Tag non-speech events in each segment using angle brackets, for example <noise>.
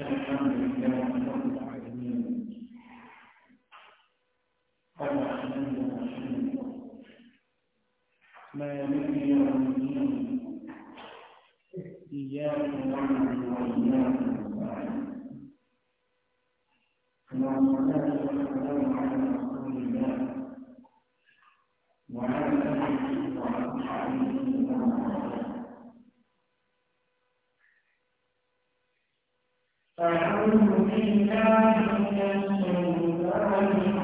الحمد لله رب العالمين Thank you.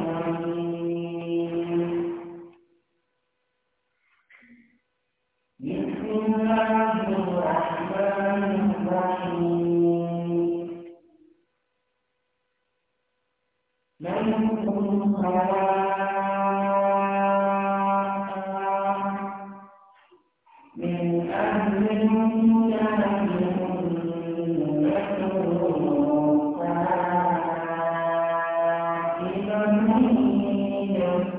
Gracias.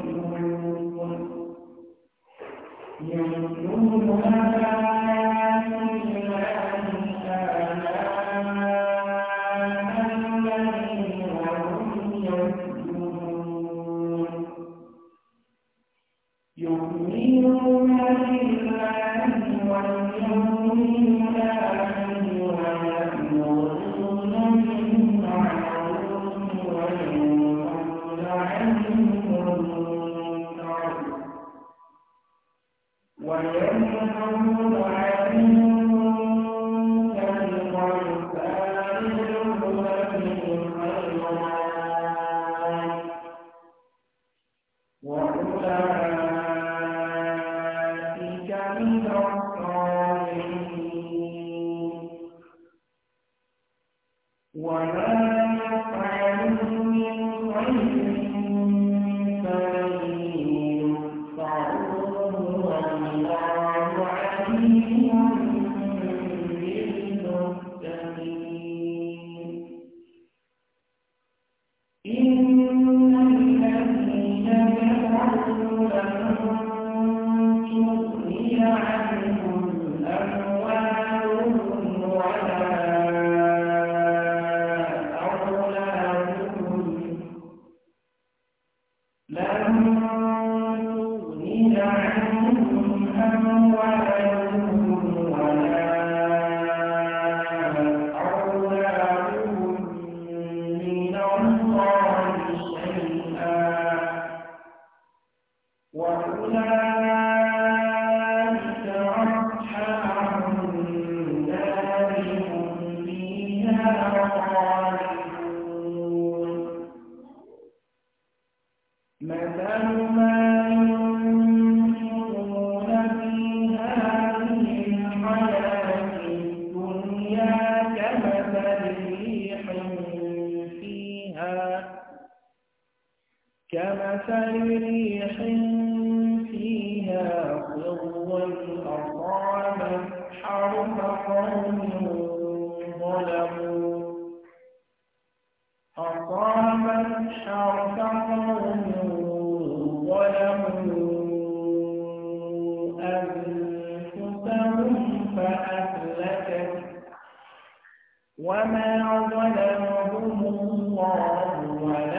وينهون كمثل ريح فيها صر أصابت حرف قوم ظلموا أصابت حرف قوم وما ظلمهم الله ولا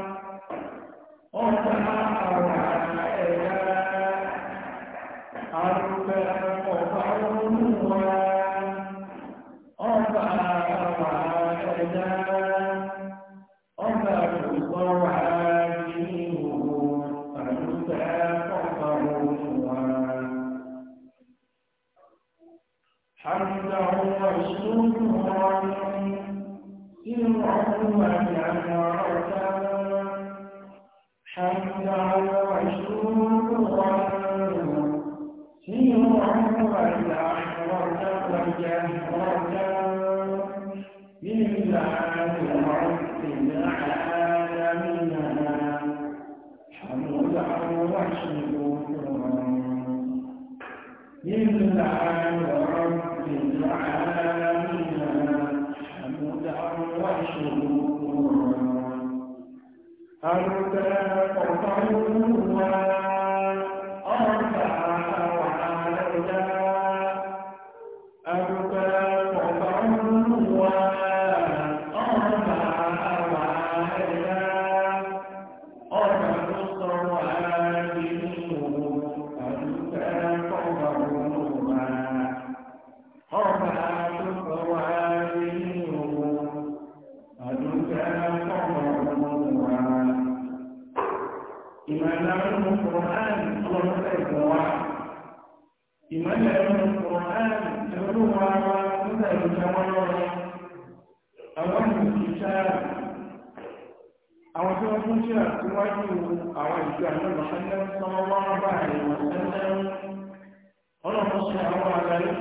حمده وشكره وعنه إنه هو الجعل لله رب العالمين أَنْتَ قَطَعُهَا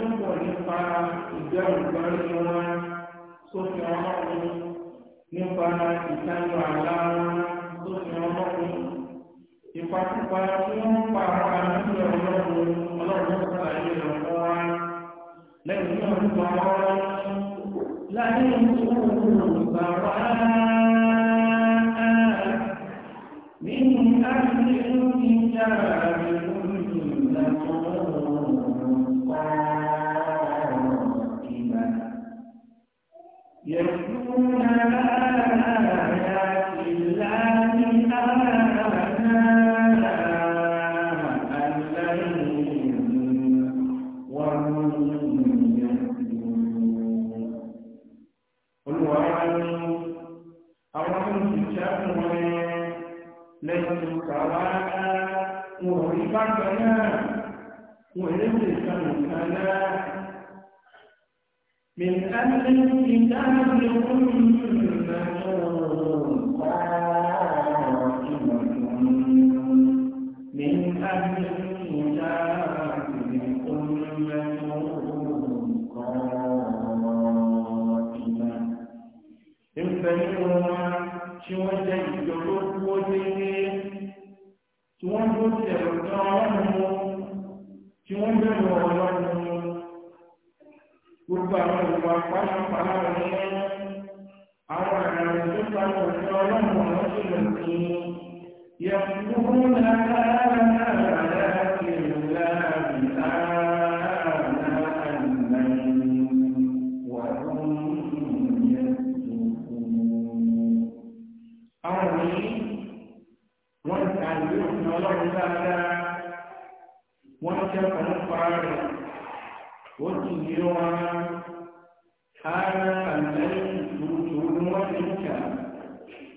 túbọ̀ nípa ìgbẹ́rùn gbọ́rí wọn sófin ọlọ́run nípa ìtayọ àlá wọn sófin ọlọ́run ìpakúpa tí wọ́n pa àwọn àmì ọlọ́run ọlọ́run sàlàyé ọ̀pọ̀ wa lẹ́yìn náà ń gbọ́ ọ́rọ́ láyé ìṣòro bàbá nínú àti ìlú ìjà àbẹ̀wò ìlú ìlànà ọ̀rọ̀. قائما يتلون آيات الله آناء الليل وهم يسجدون قل وعلموا أرحم كتابهم ليسوا سواء مهربا بنا ولم تمكنا من أهل الكتاب أمة قائمة من أهل الكتاب أمة قائمة إنهم شوية يقولون وزينين شوية يقولون tí wọ́n bẹ̀rù ọlọ́run gbogbo àwọn ìwà pàṣípàá rẹ̀ àwọn àrùn tó ta òfin ọlọ́run ọ̀rọ̀ sí lè fi yẹ kúrú náà lára kìlú láàbì láàbì.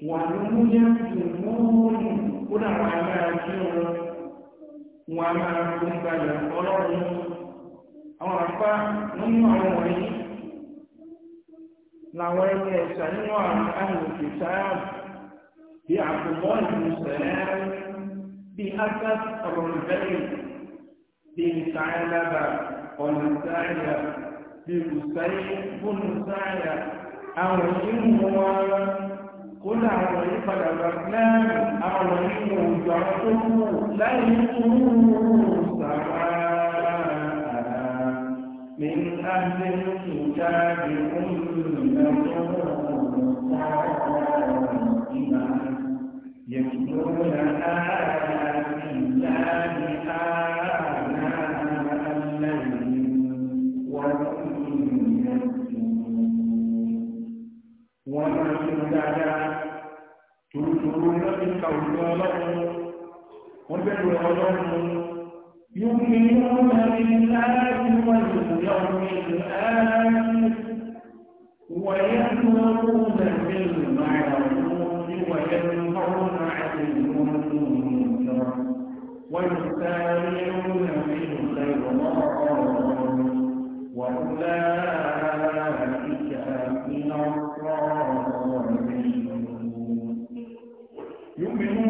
wàlúùyá ìmúhùn kódà wà máa kí wọn wà máa kó gbalẹ̀ ọlọ́run àwọn àpá nínú àwọn wọ̀nyí làwọn ẹni ẹ̀sà nínú àwọn àlòkè sáà bí àkùbọ́ ìlú sẹ́ẹ̀ bí asad ọ̀rọ̀ bí ìsàáyà lábàá. ọ̀nà sáyà bí mùsáyé fóònù sáyà àwọn yìí mú wọn kódà àwọn yìí padà bá gíláàmù àwọn yìí mú ojú àwọn tó kú láì ní kúrú sàrà من أهل الكتاب أمة يتلون آيات الله wọn náà ti mú dáadáa tòótòó wọn ti ka òjò ọlọ́run wọn bẹ̀rù ọlọ́run yóò fi wọn ní láti wọn ti mú yọrù ní láti ويأمرون بالمعروف وينهون عن المنكر ويسارعون في الخيرات وأولئك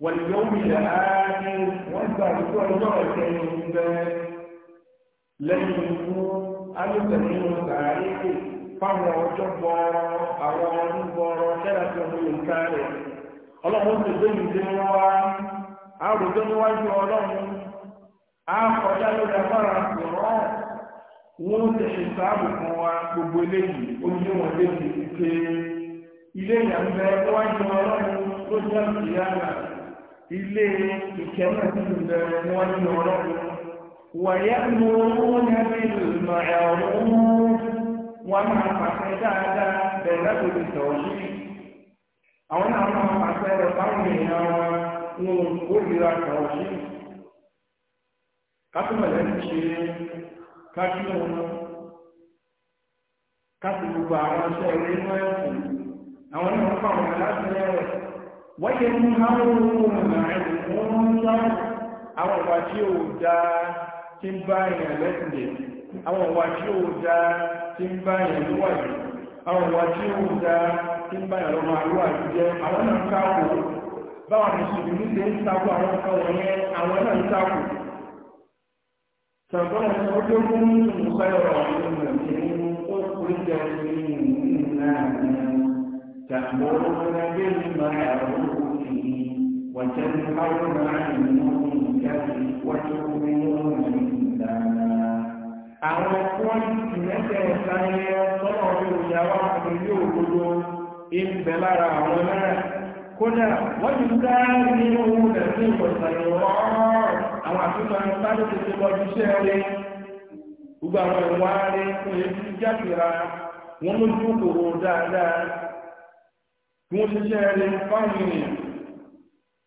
واليوم الآخر وأنت بكل مرة بين لن يكون أمثل تاريخ fáwọn ọjọ́ bọ̀ọ̀rọ̀ àwọn ọdún bọ̀ọ̀rọ̀ kẹ́rẹ́ tó mú yìí ká rẹ̀ ọlọ́run ti gbé yìí dé wá fún wa gbogbo eléyìí ní ọlọ́run jẹ́ ìyá náà. ilé ìkẹ́mẹ́ ti ndụ wọn ní ọ̀rọ̀ wọ̀nyẹ́ mú níbi ìmọ̀ ẹ̀rọ mú wọn máa pàṣẹ dáadáa bẹ̀rẹ̀ lórí ìtọ̀ọ̀sí àwọn náà máa pàṣẹ rẹ̀ fáwọn èèyàn wọn wọn ò ríra ìtọ̀ọ̀sí kátùmọ̀lẹ́ ti ṣe gbogbo àwọn ilé àwọn náà rẹ̀ wọ́n yẹ mú hárùn-ún àìmúrúnlọ́rùn àwọn ìwà tí ó dáa tí ń bá ìyàn lẹ́sìnlẹ̀ àwọn ìwà tí ó dáa tí ń bá ìyàn lówàjú àwọn ìwà tí ó dáa tí ń bá ìyàn lọ́mọ àlúwàjú jẹ́ àwọn náà káàkù báwọn mùsùlùmí ṣe ń takò àwọn ọkọ wọ̀nyẹn àwọn náà takò sàgbọ́n ẹ̀sọ́ tó kún ní ìmúkọ́ ẹ̀rọ àwọn ìmọ̀ ìmú ó kúrú jẹ́ ìmú náà تأمرون بالمعروف وتنهون عن المنكر وتؤمنون بالله àwọn fún ìmẹ́tẹ̀ẹ̀ta yẹ tọ́rọ ìròyìn àwọn àkùnrin òkúrò ìbẹ̀ lára àwọn náà kódà wọ́n ti ká nínú ẹ̀sí ìwọ̀sàn ìwọ̀n àwọn kí wọ́n ṣiṣẹ́ rẹ̀ fáwọn èèyàn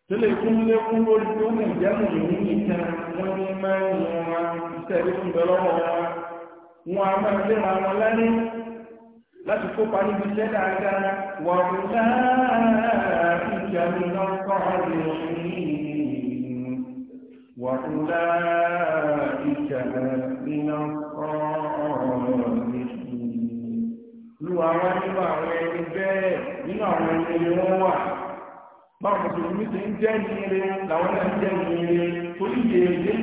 tó lè kún lékún lórí tó mú ìjẹ́nu ìlú nìkan wọ́n ní mẹ́rin wọn iṣẹ́ rí fún bẹ́ẹ̀ lọ́wọ́ wọn wọn a máa lé ra wọn lẹ́ni láti kópa níbi iṣẹ́ dáadáa wà fún náà ìjẹun náà kọ́ wà fún náà ìjẹun náà kọ́ lu àwọn nípa àwọn ẹni bẹ́ẹ̀. nínú àwọn ẹni ilé wọn wà báwo mùsùlùmí ti ń jẹ́ ní làwọn náà ń jẹ́ ní ire torí ìyè ilé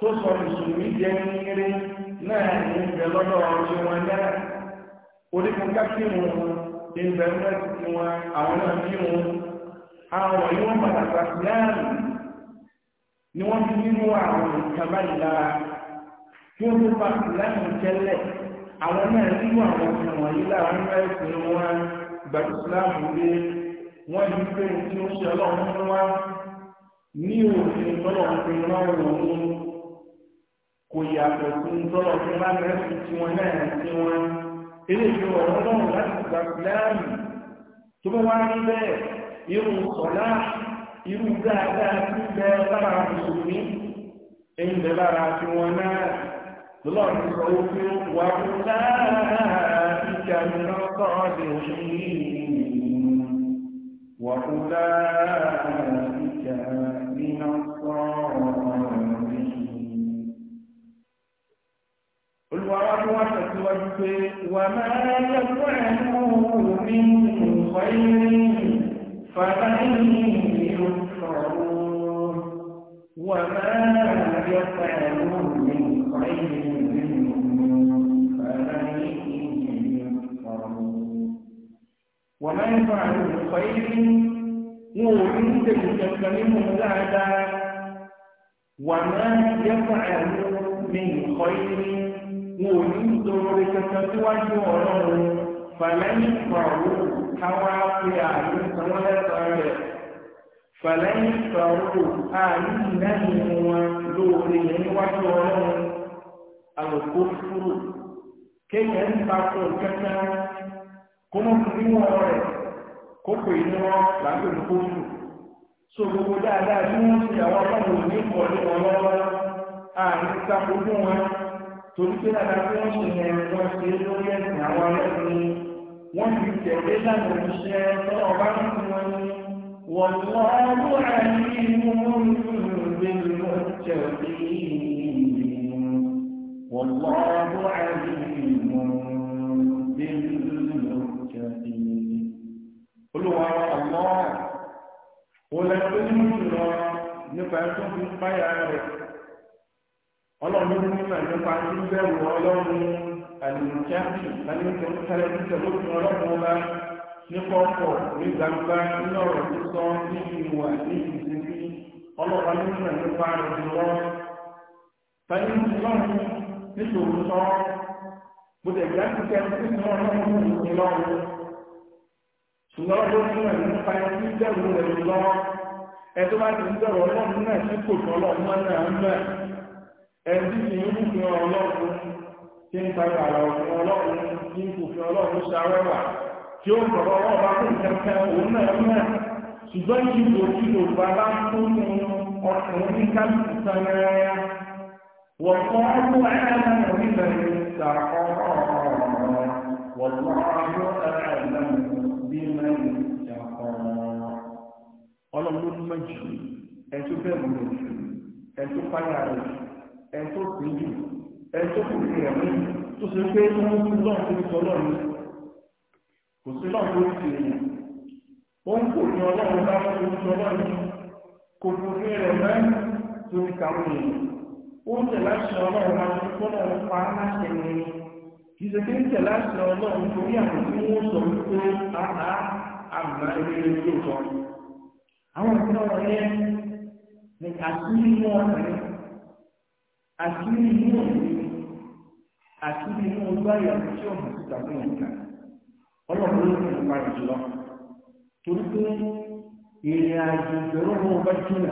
tó sọ mùsùlùmí jẹ́ ní náà ní ìbẹ̀ lọ́dọ̀ ọ̀rọ̀ wọn náà onígun wọn ìbẹ̀ mẹ́tì wọn àwọn náà bí wọn àwọn wọ̀nyí wọn pàtàkì láàrín ni wọ́n fi nínú àwọn ìkàbá ìlara tí ó tó bá láti àwọn náà nínú gba ìsìláàmù lé wọ́n yí pé tí ó ṣe ọlọ́run fún wa ní òfin tọ́lọ́run fi rán òun kò yàtọ̀ fún tọ́lọ́run fi rán ẹ̀sìn tí wọ́n náà tí wọ́n eléyìí ọ̀rọ̀ ọlọ́run láti gba ìsìláàmù tó bá wá rí bẹ́ẹ̀ irú sọ̀lá irú dáadáa tí ń bẹ lára mùsùlùmí ń bẹ lára tí wọ́n náà lọ́lọ́run sọ wípé wà á من الصادقين وأولئك من وما يفعلوا من خير فلن يكفرون وما يفعلون وما يفعل من خير وإن تتكلم زادا وما يفعل من خير وإن تتكلم وجوره فلن يفعلوا حواقي أهل سنة فلن يفعلوا أهل نهي ولوله وجوره الكفر كي ينفعوا كذا kó mọ́ fún nínú ọ̀rọ̀ rẹ̀ kó pè ní wọn làgbé olùkó fún so gbogbo dáadáa tí wọ́n ti àwọn ọlọ́run ò ní pọ̀ ní wọn lọ́wọ́ àárín wọn torí pé dáadáa tí wọ́n ṣe yẹn wọ́n ṣe lórí ẹ̀sìn àwọn ọlọ́run wọ́n fi tẹ̀lé lánàá òṣìṣẹ́ tọ́lá ọba ń fún wọn ní wọ́n lọ́ọ́ بالمتقين والله عليم بالمتقين olùwà ọmọ òun ẹni tó ní mùsùlùmọ nípa ẹni tó fi ń páyà rẹ̀ ọlọ́run ní nípa nípa tí ń bẹ̀rù ọlọ́run àlùmùjáde láti ń tẹ̀lé ṣùgbọ́n ó ní ẹ̀mí nípa ẹni tí ń bẹ̀rù rẹ̀ lọ́wọ́ ẹ tó bá ti ń bẹ̀rù ọlọ́run náà sí kò tán lọ́wọ́ náà ń bẹ̀ ẹ tí kì í mú fún ọlọ́run tí ń ta ìwà òfin ọlọ́run والله أعلم بمن اتقى ọlọ́run ló mọ̀ jù ẹni tó bẹ̀rù lò jù ẹni tó fáyà rẹ̀ jù ẹni tó pè jù ẹni tó kù sí ẹ̀mí tó ṣe pé ó ń fi lọ́run tó kò sí lọ́run tó ń fi ó ń kò ní ọlọ́run bá ń sọ lọ́run kò kò ní rẹ̀ mẹ́ tó ń kàwé ó ń tẹ̀lé àṣẹ ọlọ́run bá ń sọ lọ́run pa á láṣẹ nìyẹn ìṣe kí ń tẹ̀lá sí ọlọ́run torí àwọn tí wọ́n sọ wípé àá àmà ilé ilé sọ. Àwọn ìṣe ọ̀rọ̀ yẹn ni àṣírí inú ọ̀rẹ́, àṣírí inú òní, àṣírí inú ojú àyà tí ọ̀nà síta fún ìka. Ọlọ́run ló ń pa ìjùlọ. Torí pé ìrìn àjò ìgbèrò ló bá jìnà.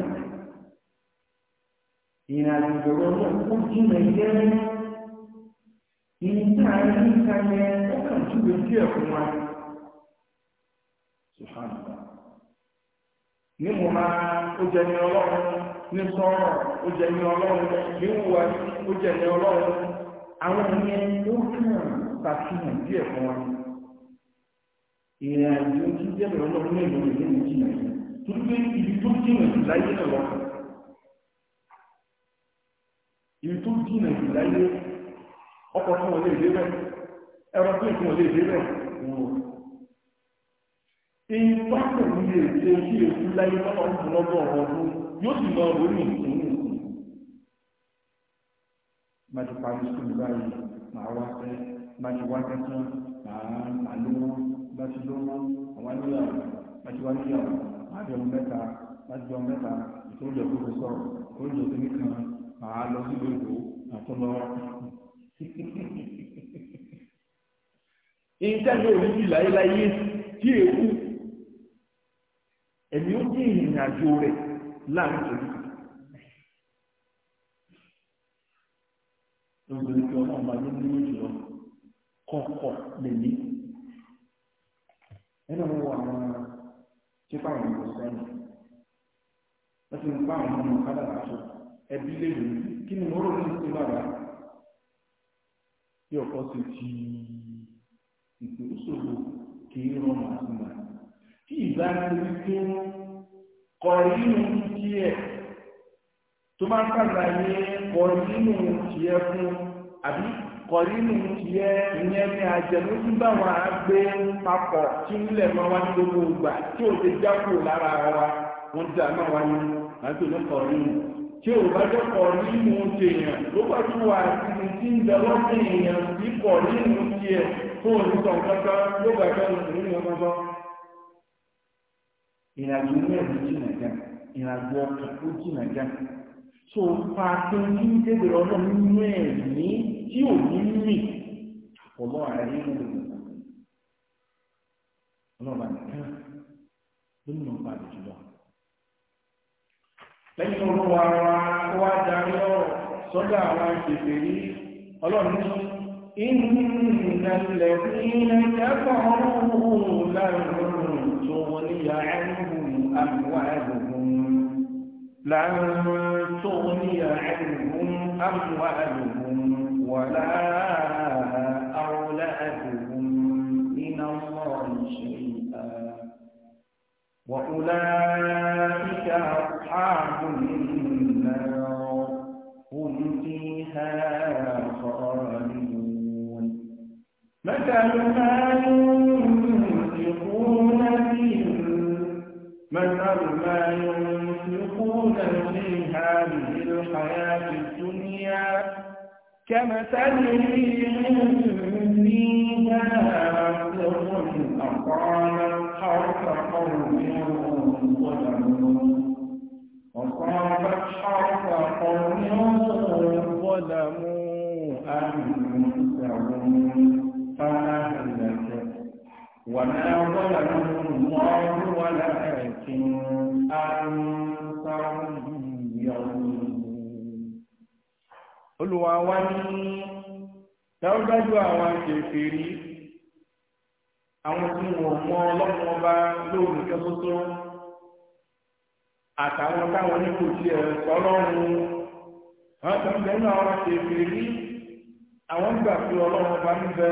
Ìrìn àjò ìgbèrò ló kó jìnà yẹ́rẹ́ ìyíká ní mo máa ó jẹ ní ọlọ́run ní sọ́rọ̀ ó jẹ ní ọlọ́run ní wúwa ó jẹ ní ọlọ́run àwọn ìyẹn ló kàn ṣàfihàn sí ẹ̀kún wa ìrìn àjò tí jẹ́ bẹ̀rẹ̀ ọlọ́run ní ìlú ìlú ìjìnà tó gbé ibi tó jìnà jù láyé náà lọ ibi tó jìnà jù láyé náà ọkọ̀ tí wọ́n lè dé bẹ́ẹ̀ ẹ̀rọ tí wọ́n lè dé bẹ́ẹ̀ wò. èyí bá tẹ̀ ní lè ṣe kí èkú láyé lọ́wọ́ ń tún lọ́gbọ̀n ọdún yóò sì lọ rí ní ìtúnú. má ti parí sùkúlù báyìí màá wá sẹ́ má ti wá kẹ́kọ̀ọ́ màá má lówó má ti lówó àwọn níyàwó má ti wá níyàwó má jẹun mẹ́ta má jẹun mẹ́ta ìtòlù ẹ̀kọ́ sọ̀rọ̀ ìtòlù ẹ̀kọ́ nìkan màá lọ sílé ìwò àtúnlọ́wọ́ nǹkan yóò rí láyéláyé tí èkú ẹ̀mí ó dín ìrìn àjò rẹ̀ láàrin ìṣòro. lóògùn ìpè ọlọ́run bá ló ní jùlọ kọ̀ọ̀kọ̀ lèmi nínú wọn àwọn báwọn ọmọ sẹ́yìn wọ́n ti ń bá àwọn ọmọ kádàrà tó ẹbí léwu kí ni mo rò ní ìsìn bàbá tí ọkọ ti ti ìpè òṣòro kì í rán màtúmà tí ìgbà tí ó tó kọrí nínú díẹ̀ tó máa ń kàgbà yẹ kọrí nínú tiẹ̀ fún àbí kọrí nínú tiẹ̀ ìyẹn ní ajẹmójú báwọn àgbẹ papọ̀ tí nílẹ̀ máa wá ní gbogbo ìgbà tí ò ti jákòó lára wa wọ́n ti àná wa ní àti òní kọrí nínú. tí o bá jẹ́ nínú èèyàn ló bá tún wà nínú tí ń lọ́sẹ̀ èèyàn tí nínú ẹ̀ kankan ló bá nínú kankan. ìrìnàjò ní ìrìnàjò ó jìnà tó fa ní débi ọ̀nà nínú ẹ̀mí tí ò ní mì ọ̀pọ̀lọ́ àárín lẹ́yìn olúwa wa wá darí ọ̀rọ̀ sọ́dọ̀ àwọn ìpèsè rí ọlọ́run ní ìnìyàn lẹ́yìn ẹ̀kọ́rùn-ún lárùn-ún tó wọ́n ní ya ẹ̀rùn àmúwá ẹ̀rùn لن تغني عنهم أموالهم ولا أولادهم من الله أصحاب النار فيها خالدون مثل ما ينفقون في مثل ما ينفقون في هذه الحياة الدنيا كمثل ريح أقامت حرث قوم ظلموا وقالت حرف قوم ظلموا أنفسهم فأهلكت وما ظلمهم الله ولكن أنفسهم يظلمون Olúwa wa ní dáúdájú àwọn kèfèrí àwọn tí wọn mọ ọlọ́run ọba lóòrùn kẹ́kọ́ tó àtàwọn táwọn ní kò tiẹ̀ sọlọ́run wọn tó ń bẹ ní àwọn kèfì rí àwọn gbà pé ọlọ́run bá ń bẹ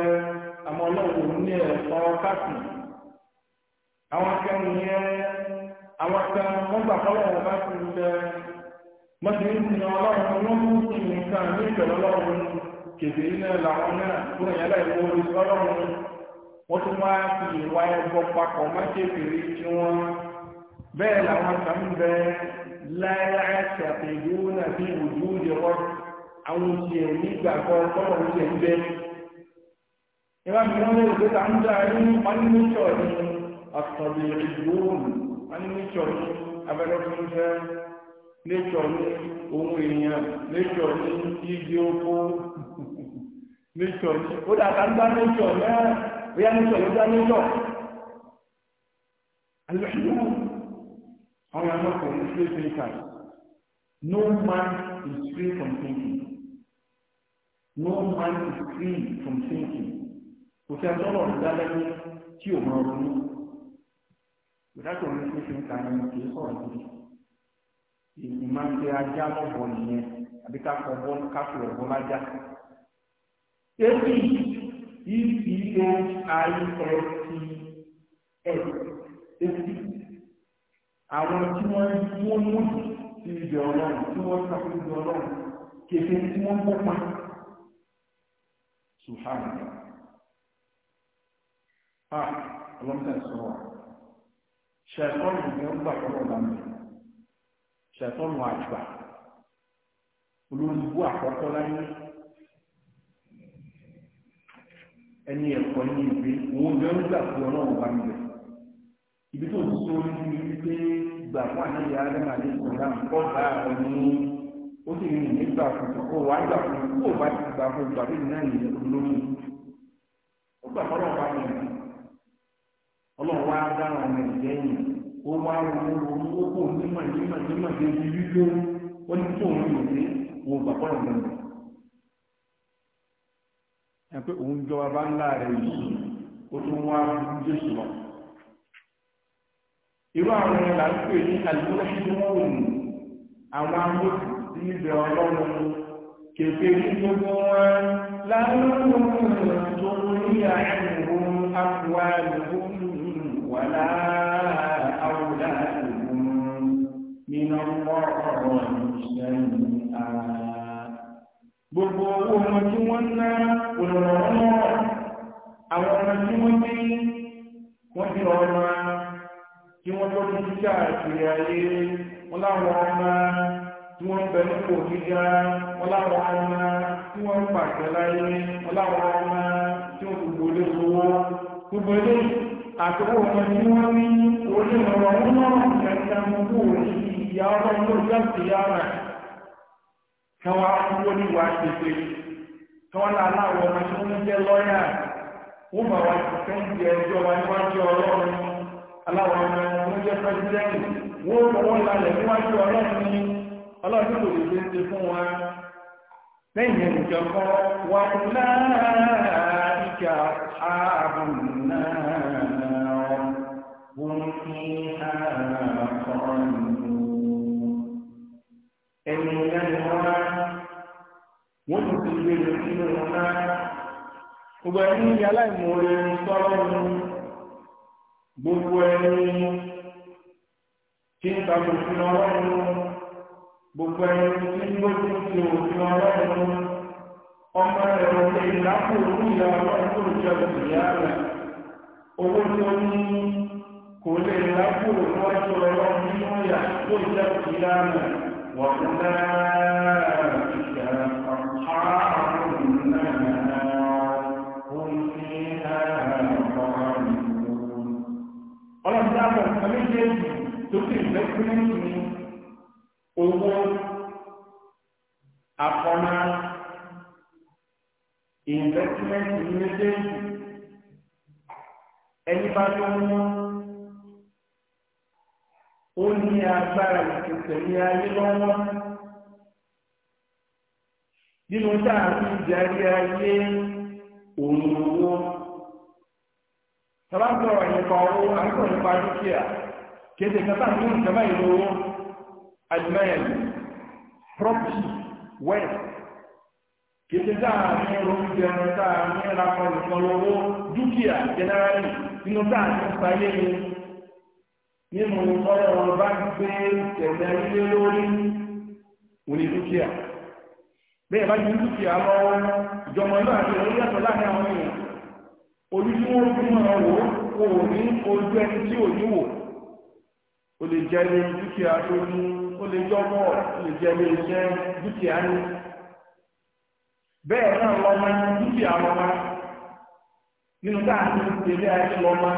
àwọn ọlọ́run ní ẹ̀kọ́ káàkì àwọn kan yẹn àwọn kan wọn gbà pé ọlọ́run bá ti ń bẹ ti ń sin ọlọ́run mú ní ìbẹ̀rẹ̀ ọlọ́run làwọn náà tó ń bẹ́ẹ̀ làwọn kan bẹ láyà ṣàpèjú náà fi ojú lè rọ àwọn oṣù nígbà kan tọ́wọ́ oṣù ń bẹ. ìwà mìíràn lè gbé ta ń dá ní pánimíṣọ̀ ní ọ̀sọ̀lẹ̀ ìgbóhùn pánimíṣọ̀ ní abẹ́rẹ́fúnfẹ́ lẹ́tọ̀ ní ohun èèyàn lẹ́tọ̀ ní igi oko lẹ́tọ̀ ní ó dà ká ń dá lẹ́tọ̀ náà bóyá lẹ́tọ̀ ló dá lẹ́tọ̀. I am not from free thinkers. No man is free from thinking. No man is free from thinking. Kò sí ẹjọ́ náà dá lẹ́nu tí ò máa ronú. Ìdájọ́ mi fún fi ń ta ẹni kì í sọ̀rọ̀ bí. Ìmọ̀-ìṣe ajá lọ́bọ̀ nìyẹn àbí ká fọ ọbọ̀ ká fi ọ̀bọ̀ lájà. Ebi E P H I S T S àwọn tí wọ́n wọ́n mú sí ibi ọlọ́run tí wọ́n sàkó ibi ọlọ́run kéfé tí wọ́n kó pa sùhánù a ah, ọlọ́mọdé sọ wa ṣàtọ́nù ni ó gbà kọ́kọ́ bá mi ṣàtọ́nù àgbà olóńgbò àkọ́kọ́ láyé ẹni ẹ̀kọ́ ní ìgbé òun ló ń gbà fún ọlọ́run mi bẹ̀rẹ̀. ibi tó ń so ní pé gbà fún ànábì ádámà ní ìsìlám kọ́ bá àwọn ní ó sì ní nígbà fún kó wá gbà fún kó bá ti gbà fún gbà fún náà olómi ó gbà fọlọ́ bá mi ọlọ́run wá ọmọ ó wá ronú ronú ó kó onímọ̀ ó ní kó òun yòó dé gbà fọlọ́ bá mi irú àwọn ẹni là ń pè ní àlùmọ́ṣẹ́ wọn àwọn amóhùn sí ibẹ̀ ọlọ́run kèké ní gbogbo wọn láwọn tó ní àìmọ̀ àpòwà lòun wà láàá àwòrán nínú ọ̀rọ̀ ìṣẹ́yìn ààrẹ gbogbo owó ọmọ tí wọ́n ná òrọ̀rọ̀ àwọn ọmọ tí wọ́n bí wọ́n ti rọ ọmọ kí wọ́n tó ti títà ìrìn ayé wọ́n láwọn ọmọ tí wọ́n ń bẹ nípò gíga wọ́n láwọn ọmọ tí wọ́n ń pàṣẹ láyé wọ́n láwọn ọmọ tí wọ́n gbogbo lé owó gbogbo ilé àtọwọ́ ọmọ tí wọ́n ní orí ọ̀rọ̀ wọn náà kẹta gbogbo orí ìyá ọmọ tó jáde yára káwọn akúwó ní wàá tètè káwọn làláwọ ọmọ tí wọ́n jẹ́ lọ́yà wọ́n bá wa ti fẹ́ ń di ẹjọ́ wa níwájú ọlọ́run aláwọ̀ ọmọ wọ́n jẹ́ pẹ́sidẹ́ntì wọ́n fọwọ́ lálẹ̀ níwájú ọlọ́run ní ọlọ́run kò lè ṣe ṣe fún wa lẹ́yìn ẹnìkan kọ́ wà náà ìjà ààbùn náà wọ́n tí ń takò fún ọlọ́run gbogbo ẹni tí ń gbógun ti òfin ọlọ́run ọmọ ẹ̀rọ lè lápò ní ìyá ọlọ́run tó jẹ ìyá rẹ̀ owó tó ní kò lè lápò lọ́jọ́ ọlọ́run nínú ìyá tó jẹ ìyá rẹ̀ wọ́n náà ìyá àpárùn náà ó ń fi tó sì fẹ́ fún ní owó àfọ̀nà investment méjèèjì ẹni bá tó mú ó ní agbára ìtẹ̀lé ayé lọ́wọ́ nínú táàbí ìdarí ayé òun owó. Tọ́lá sọ̀rọ̀ nípa owó, à ń sọ̀rọ̀ nípa dúkìá kéde kata ní ìjọba ìlú admail property wealth kéde táà ní oúnjẹ táà ní ìlànà nìkan lọ́wọ́ dúkìá generally nínú táà ní sáyé ni nínú ọ̀rọ̀ bá gbé tẹ̀lé ilé lórí òní dúkìá bẹ́ẹ̀ bá ju dúkìá lọ ìjọba náà ti orí ẹ̀tọ́ láàrin àwọn èèyàn ojú tí wọ́n fi mọ̀ ọ́ wò ó ní ojú ẹni tí ò ní wò ó. o le jẹ ní dúkìá tó ní ó lè jọ́mọ́ ó lè jẹ́ ní iṣẹ́ dúkìá ní bẹ́ẹ̀ náà lọ́mọ ní dúkìá lọ́mọ nínú táà ní ìdílé ayé lọ́mọ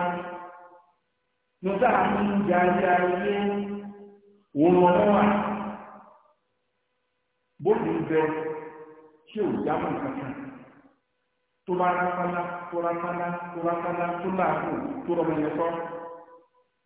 nínú táà ní ìdílé ayé ayé òun lọ́mọ wà bóbi ń bẹ tí ò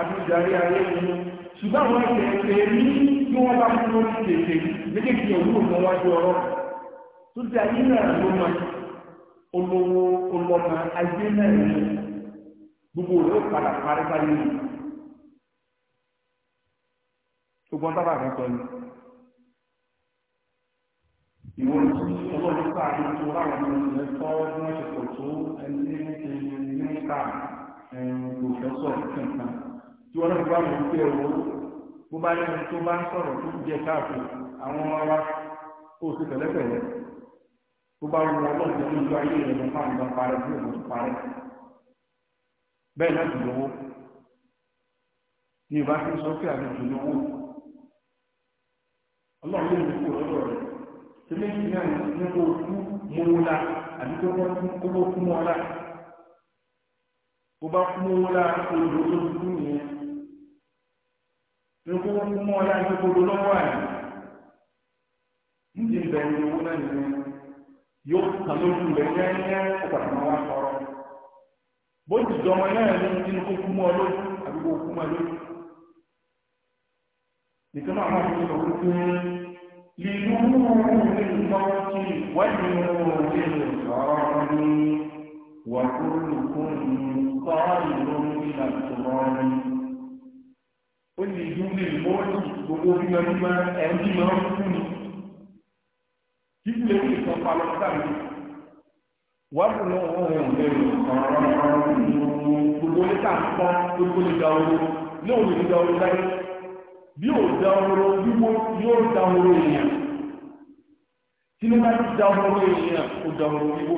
àbújárí ayé nínú ṣùgbọ́n àwọn ìṣẹ̀ṣẹ̀ ní bí wọ́n bá fún wọn ní tètè méjèèjì òwúrò mọ́ ọ̀rọ̀ tó di ayé náà ló mọ olówó olọ́mọ ayé náà ní gbogbo rẹ̀ ó padà parí báyìí nù gbogbo ọ̀tá bàbá sọ ni ìwọ tí ọlọ́run sáàánú tó láwọn ọmọ ìṣẹ̀lẹ̀ tọ́ wọ́n ṣe pọ̀ tó ẹni ní ká professor kankan tí wọ́n náà bá wọn pé owó bó bá yẹn tó bá ń sọ̀rọ̀ tó jẹ káàkiri àwọn ọmọ wa kó o ti pẹ̀lẹ́pẹ̀lẹ́ tó bá wọn lọ́ọ̀ tó lójú ayé rẹ̀ lọ fáwọn ìgbà parẹ́ bí òun ti parẹ́ bẹ́ẹ̀ náà dùn lówó ní ìbá fi sọ pé àmì dùn lówó ọlọ́run yóò ní lọ́dọ̀ rẹ̀ tẹ́lẹ̀ yìí náà ní kó kú mọ́wó la àti tó kó kú mọ́wó la bó bá kú mọ́wó la kó lọ́dọ̀ tó kú lóko wọn mú ọ láti gbogbo lọ́wọ́ àná ń jìn bẹ́ẹ̀ ni owó náà nìyẹn yóò kàn lójú rẹ̀ yẹ́nyẹ́ ọ̀pọ̀lọpọ̀ máa wá sọ̀rọ̀ bó ti dọ̀mọ náà ní inú kó kú mọ́ ọ lójú àbí kó kú mọ́ ọ lójú nìkan náà máa fi ọ̀rọ̀ pé lílù wọ́n ní mọ́tì wọ́n ní wọ́n ní sọ̀rọ̀ ní wàkúrú kún kọ́ ìlú ìlànà tó rọrùn ó lè dún lè mọ́ọ̀lì gbogbo bímọ bímọ ẹ̀ńdí máa ń fún mi kíkú lè fi ìtàn pa lọ́sítà mi wọ́n bù náà wọ́n rẹ̀ ọ̀lẹ́ gbogbo lè ta nǹkan gbogbo lè da oró náà lè da oró láyé bí ò da oró wíwó yóò da oró èèyàn tí ló bá ti da oró èèyàn ó da oró wíwó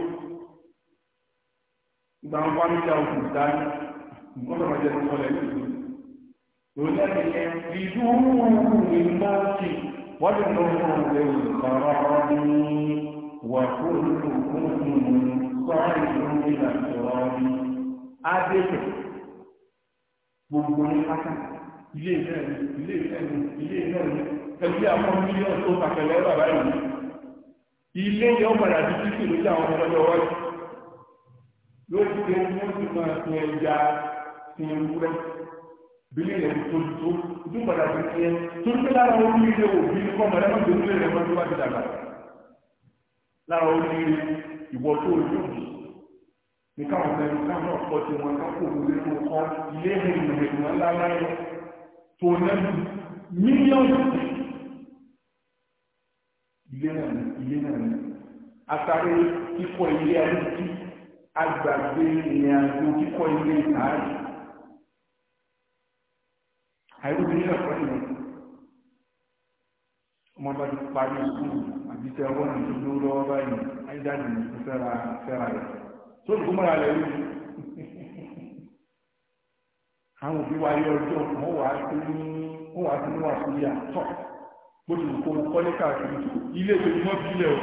ìgbà wọn wá ní ìjà òkú dání wọn bẹ̀rẹ̀ jẹ́ ìfọlẹ̀ nígbà هنالك ينفذون للموت والنور للقرار وكلكم صائد إلى التراب adéjọ gbogbo ní pátá ilé ìfẹ́ni ilé ìfẹ́ni ilé ìfẹ́ni ẹgbẹ́ àwọn mílíọ̀n tó pàtẹ́lẹ̀ bàbá yìí ilé yọ padà di títì lójú àwọn ọmọ ọjọ́ wáyé bílí rẹ̀ tó tó tó padà tó tiẹ̀ tó tó lára orí ilé wò bí kọ́ mọ̀ lẹ́nu tó nílé rẹ̀ wọ́n tó bá ti dàgbà lára orí ilé ìwọ tó ojú bì ní káwọn ọmọ ẹni káwọn ọ̀pọ̀ tí wọn ká kó òun lẹ́nu kọ́ ilé ìwé ìwé ìwé ńlá láyé tó lẹ́nu mílíọ̀nù ilé náà ní ilé náà ní atare kíkọ́ ilé ayé tí agbàgbé ìrìn àjò kíkọ́ ilé ìtàrí àìrúbìnrin ẹ̀kọ́ ìlú ọmọ bá ti parí skul àbí tẹ ọwọ́ ní tó ló lọ́wọ́ báyìí ayédájú ní kó fẹ́ra fẹ́ra rẹ̀ tó lùkú mọ́ra rẹ̀ rí àwọn òbí wa yọ ọjọ́ wọn wà á tó ní wọn wà á tó ní wà sórí àtọ̀ bó ti kó kọ́lé káàkiri tó ilé ìwé ni wọ́n fi lẹ̀ o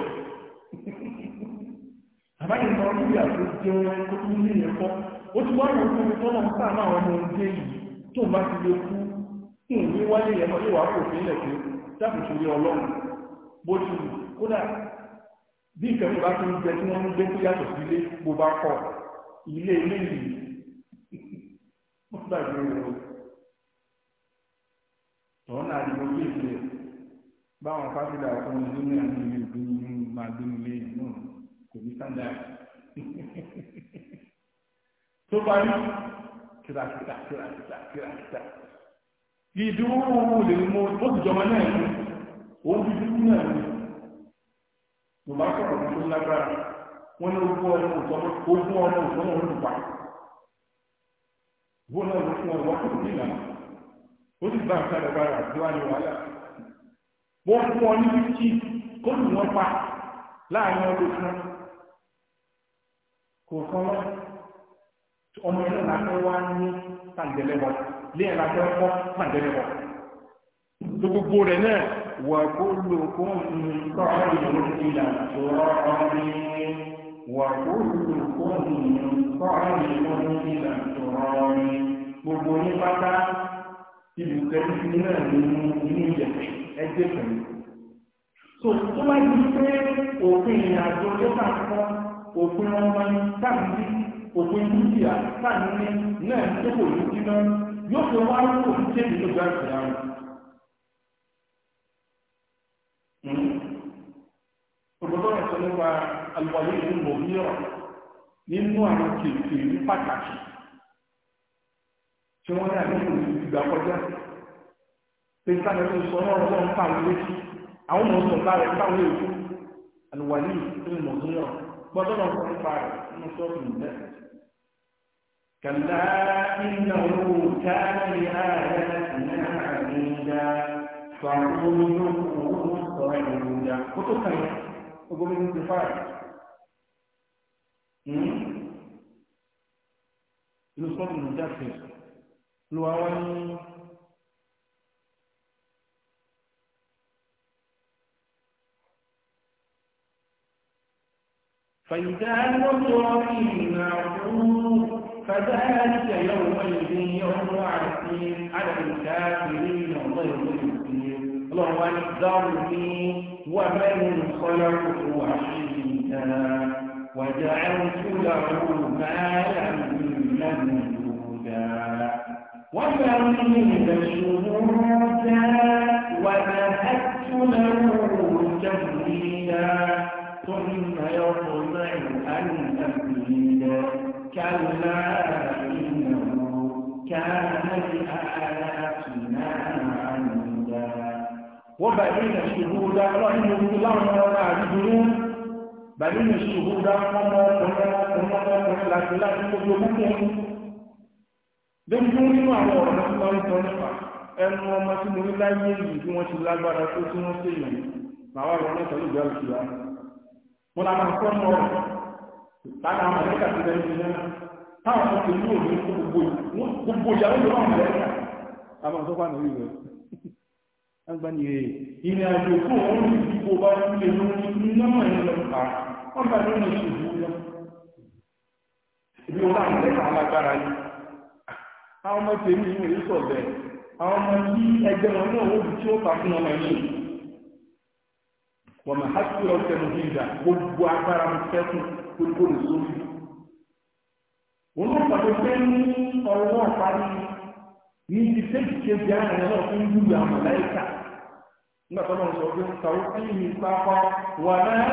àbáyé náà lórí àti jẹ́ kó tó ní ẹ̀kọ́ ó ti wá wọn fún mi tọ́lọ́ ń sáà náà ọmọ oúnjẹ yìí tó bá ti lè kú ìní wáyé ẹmọ yíwà kò fi ilẹ̀ pé dákùtù rí ọlọ́run bó ti wù kódà bí ìkẹ́ mi bá tún jẹ tí wọ́n ń gbé tó yàtọ̀ sí ilé bó bá kọ ilé ilé yìí wọ́n ti dàgbé rẹ̀ tọ́ náà ni mo gbé ìpìlẹ̀ báwọn fásitì àwọn ọmọ ìlú náà ní ìlú ìlú máa gbé mi náà kò ní sáńdà tó bá rí kìràkìtà kìràkìtà kìràkìtà ìdúró lè mú ó sì jọmọ náà ní òun fi dúró náà ní yorùbá sọ̀rọ̀ ní tó lágbára wọn ní ogún ọmọ òtọ́mọ ogún ọmọ òtọ́mọ olùpa wọn náà ló fún ọmọ kò ní ìlànà ó sì bá nǹkan lágbára àdúrà ní wàhálà wọn fún ọ ní bíkí kó lù wọn pa láàrin ọdún kan kò kan lọ ọmọ yẹn náà fẹ́ wá ní pàǹdẹ̀lẹ́wọ̀ léyìn náà fẹ́ kọ́ pàǹdẹ̀lẹ́wọ̀ tó gbogbo rẹ̀ náà wà kó lò kó nǹkan ọ̀rọ̀ ìlà tó ọ̀rọ̀ wà kó lò kó nǹkan ọ̀rọ̀ ìlà tó ọ̀rọ̀ gbogbo ní pátá ibùkẹ́ni ní náà ní inú ìyẹ̀ ẹgbẹ́ pẹ̀lú. tó tó bá di pé òfin ìrìnàjò ló bá kọ́ òfin ọmọ ní sáà òpin dúkìá táàmù ní náà tó kò ní sí náà yóò fi wá ní òkú tẹ́lẹ̀ tó gbà sí ara. Òbọ̀dọ̀ rẹ̀ hmm. sọ nípa àlùbọ̀lẹ́ ìlú Mòmíọ̀ nínú àwọn kèké pàtàkì tí wọ́n ní àdéhùn ìgbà kọjá. Pèsè àti ẹ̀sùn sọ náà wọ́n ń pa àwọn létí. Àwọn ọmọ sọ̀rọ̀ bá rẹ̀ káwọn èèyàn àlùwàlẹ́ ìlú Mòmíọ̀ gbọ́dọ̀ náà sọ nípa rẹ̀ nínú sọ́ọ̀tù ìbẹ́sẹ̀. كلا إنه كان لآياتنا عبيدا فاعبده صعودا وتخيل وقول الانتفاع نصر المجفر الواوي فإذا نصر في معروف فذلك يومئذ يوم عسير على الكافرين غير المسلمين اللهم ذرني ومن خلقت وحيدا وجعلت له مالا ممدودا وبنيت شهودا ومهدت له تمهيدا ثم يطلع كلا إنه كان لآياتنا عندا وبنين شهودا رحم الله لا عبدون بنين شهودا وما كنا كنا كنا لا لا تقولون lójú nínú àwọn ọ̀rọ̀ tí wọ́n ń sọ nípa ẹnu ọmọ tí mo ní láyé yìí bí wọ́n ti lágbára tó tí wọ́n ṣèyàn làwọn ọ̀rọ̀ náà sọ lóògbé àlùkìyà wọn làwọn akọ́nù ọ̀rọ̀ láti àwọn mọ̀lẹ́kà ti lẹ́nu ha táwọn tó ti ní òní gbogbo ìyàwó ló wà mọ̀lẹ́kà àwọn tó wà lórí rẹ̀ agbani rẹ̀ ìrìn àjò kó òun ní ìdíkò bá wúlé lórí gbogbo ìsòfì. Wọ́n lọ ní ní ti fún Nígbà tó sọ pé kàwé ní pápá wà ọ̀kẹ́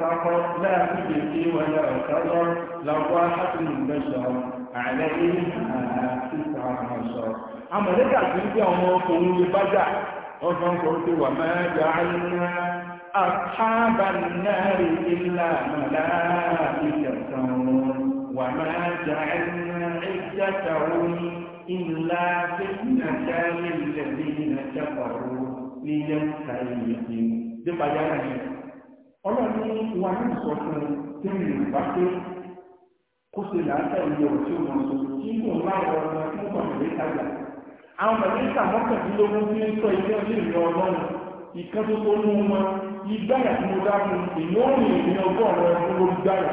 pápá làwọn aṣáájú àlẹ́ Àmọ̀lẹ́kà ọkùnrin أصحاب النار إلا ملائكة وما جعلنا عدتهم إلا فتنة للذين كفروا ليستيقنوا دي بيانا ọlọ́run ni wà ní sọ fún tí mi ò bá pé kó ṣe làásà ìlú ọ̀tí ò mọ̀ sọ kí mò ń láwọ ọmọ fún ọ̀rẹ́ ìtajà àwọn ọ̀rẹ́ ìtàmọ́kàndínlógún tí ń sọ ilé ọdún ìlú ọlọ́run ìkan tó wọn ìgbáyà tí mo dákun ìlóòrùn ìpínlẹ̀ ọgọ́rùn-ún ẹgbẹ́ lórí gbáyà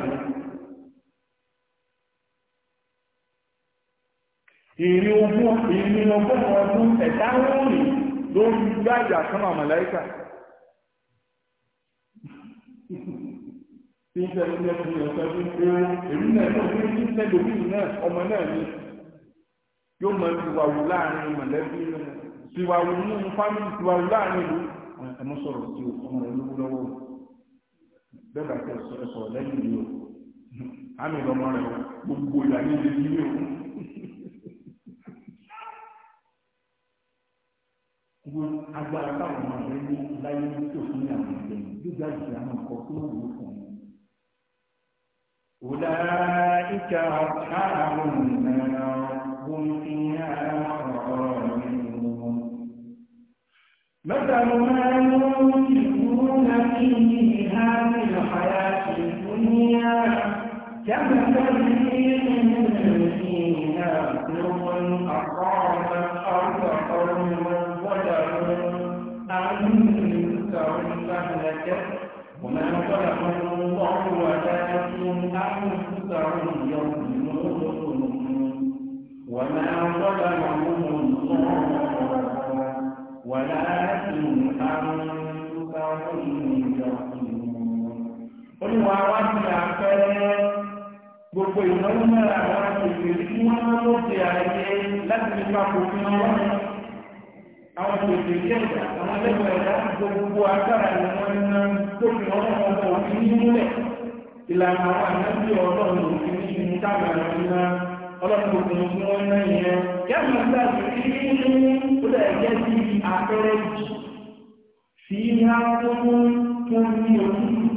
mi èrè ogún èrè ọgọ́rùn-ún ọdún ẹ̀dá lórí lórí gbáyà kan náà màláìkà tí ń tẹ́lú ní ẹkùn ìrọ̀sẹ́ tó ń pé èmi náà tó ń pé ní tẹ́lómi náà ọmọ náà ni yóò mọ ìwàwù láàrin mọ̀lẹ́bí tiwawu nínú fámìlì tiwawu láàrin ìlú ẹmọ sọ̀rọ̀ sí o ọmọ rẹ lówó lọ́wọ́ o bá tẹ sọ̀rọ̀ lẹ́yìn mi o <laughs> àmì lọmọ rẹ gbogbo ìlà ní ilé yìí o <laughs> wọn agbára táwọn ọmọ rẹ ní láyé tó fún ní àwọn ìgbẹ́ gbígbà ìgbà àwọn nǹkan tó wù ú fún un. أولئك أصحاب النار هم فيها خالدون مثل ما ينفقون فيه هذه الحياة الدنيا كمثل ريح فيها سر أصابت أرض قوم ظلموا أنفسهم أهلكت وما ظلمهم الله ولكن أنفسهم يظلمون وما ظلمهم الله ولا olùwà wá sí àpẹẹrẹ gbogbo ìnáwó náírà àwọn àgbègbè tí wọ́n máa ló ṣe àyè láti fi pa kò fi wọn àwọn àgbègbè tí ẹ̀dá àwọn ẹlẹ́gbẹ̀ẹ́ ẹ̀dá gbogbo agbára ni wọ́n ń ná tó fi wọn wọn kọ̀ ní nílẹ̀ ìlànà àwọn àgbẹ̀bí ọlọ́run òfin ní ìlú táwọn àgbẹ̀ ná ọlọ́run kò fún un wọn náà yẹn yàtọ̀ nígbà tí ó dẹ̀ jẹ́ sí àpẹẹrẹ yìí sí ní àwọn tó ń tó ní ojú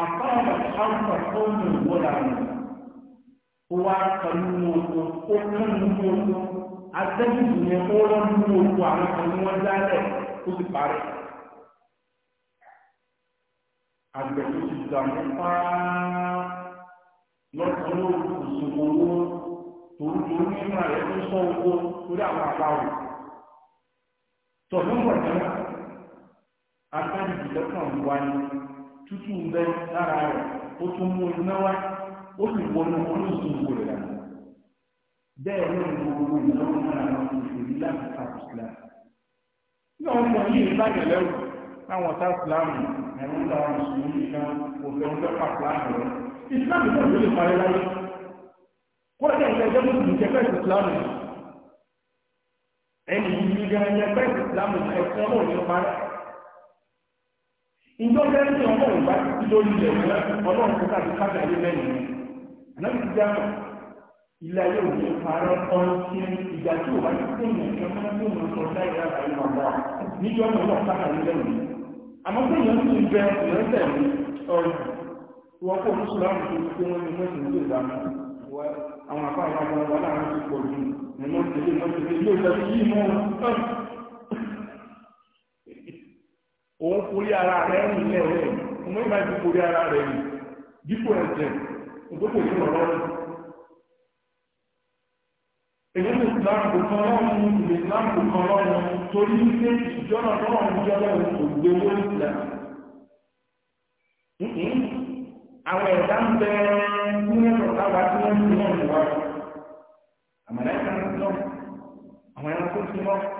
àfáàmà àmà ọmọ ìwọ́lá rẹ̀ ó wá kanú oko ó kánú oko atẹ́gùn yẹn ó lọ nú oko àwọn kan ní wọ́n dálẹ̀ ó sì parí. àgbẹ̀ tó ti dààmú pàá lọ́sàn-án ló kù sùn tó sọ owó lórí àwọn àpáwò. tọ̀dún wọ̀nyí atẹ́gùn lọ́kàn wáyé tútù ń bẹ lára rẹ̀ ó tún mú iná wá ó sì wọnú olóògùn owó rẹ̀ dànù bẹ́ẹ̀ ló ń gbogbo ìnáwó náà lọ sí ìṣèlú láti ta ní àwọn ọmọ yìí bá yẹ lẹ́rù láwọn ìsìláàmù ẹ̀rọ ń dára mùsùlùmí nìkan òfin ọjọ́ pàtàkì rẹ̀ ìsìláàmù náà ló lè parí láyé kọ́ọ̀tà ìṣẹ́jọ́ mùsùlùmí jẹ́ pẹ́ẹ́sì ìsìláàmù ẹni yìí ní ìsìláàmù ẹ̀sẹ̀ náà ló parí ìjọ bẹ́ẹ̀ ní ọmọ ìgbà tí lórí ilẹ̀ ìwé ọlọ́run tó káàdì káàdì ayé lẹ́yìn rẹ̀ ànábì ti dáhùn ilé ayé òní parọ́ ọ̀rọ̀ tí ìgbà tí òwá ti tó ìyẹn kí ọmọ tó mọ̀ sọ láì rà láì máa bá níjọ́ ọmọ náà káàdì ayé lẹ́yìn rẹ̀ àmọ́ tó ìyẹn ti bẹ ìrẹsẹ̀ mi ọ̀rọ̀ wọn kó oṣù láwọn tó ti wọn ní mọ́tò ní àwọn àpá àwọn ọmọ wọn láwọn ti pọ̀ jù ní mọ́tò òun forí ara rẹ̀ ń lẹ̀ rẹ̀ ọmọ ìgbà tí forí ara rẹ̀ yìí dípò ẹ̀jẹ̀ òkú kò sí èyí ni islam kò kan lọ́rùn islam kò kan lọ́rùn torí pé ìjọ́nà tó wà níjọ́ lọ́rùn kò gbé owó islam. àwọn ẹ̀dá ń bẹ ní ẹ̀rọ táwa tí wọ́n ń lọ́rùn wá. àmàlà ẹ̀ka ń lọ àwọn ẹ̀rọ tó ti lọ́rùn.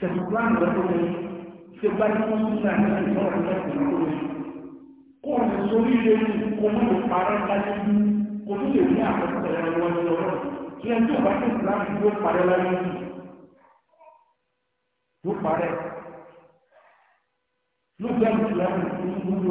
sẹ̀tùkúrán lọ́tọ́ mi ṣe bá ní wọ́n tún náà ní ìṣọ́rọ̀ ìṣọ́rọ̀ tó mi kó o sì sórí ilé mi kó mú mi parẹ́ láyé mi kó tún lè ní àkọsílẹ̀ ẹ̀rọ wọn lọ rọ̀ kí ẹni tó bá tẹ̀ ìsìlámù yóò parẹ́ láyé mi yóò parẹ́ yóò bẹ́ẹ̀ ìsìlámù tó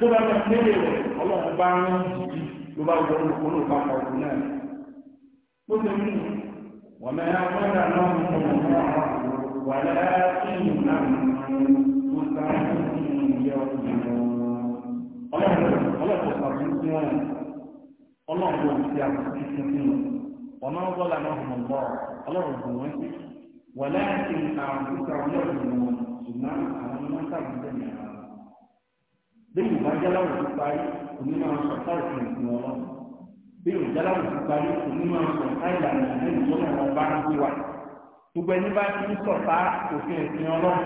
tó bá bá nílé rẹ̀ ọlọ́run bá ń jìbí ló bá wọ olùkóló pápá òkú náà ó ti mú wọn mẹ́rin agbára náà mú un wà láàárín náà tó sáré nínú ìyá ọkùnrin ọlọ́run ọlọ́run pàtó sí wọn ọlọ́run kò sí àkókò tuntun ọmọ ọgbọ́n làwọn ọmọ ọgbọ́n ọlọ́run kò wọ́n sí wọ́n láàárín àwọn ìgbà ọlọ́run wọn ṣùgbọ́n àwọn ọmọ sábà ń bẹ̀rẹ̀ bẹ́ẹ̀ ìgbà jáláwò ti parí ọlọ́run bẹ́ẹ̀ ti parí onímọ̀ sọ̀tà ìlànà ìlú tó bá ń gbé wa gbogbo ẹni bá ti ń sọ̀tà òfin ìfìhàn ọlọ́run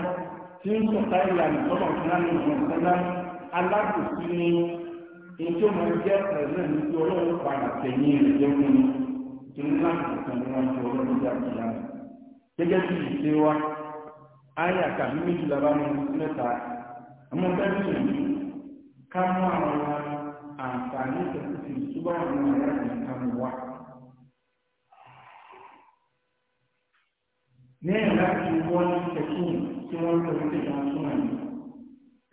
tí ń sọ̀tà ìlànà tọ́lọ̀ fúnlánì ìfọ̀nsẹ́lá alágbòsí ń sọ pẹ̀lú ní ti ọlọ́run fún jẹ́ gẹ́gẹ́ bí ìṣe wa ayé méjìlá bá mi ká mú àwọn àǹfààní ìtọ́jú sí ìṣúbọ̀ àwọn ọ̀rẹ́ àti ìkàmù wa. ní ẹ̀yìn láti wọ́n ní tẹ̀sùn tí wọ́n ń lò ní tẹ̀sùn súnmọ́ ní